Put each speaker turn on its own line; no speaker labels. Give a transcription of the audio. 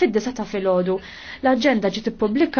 fid-disa ta' filgħodu. L-aġenda ġiet ippubblika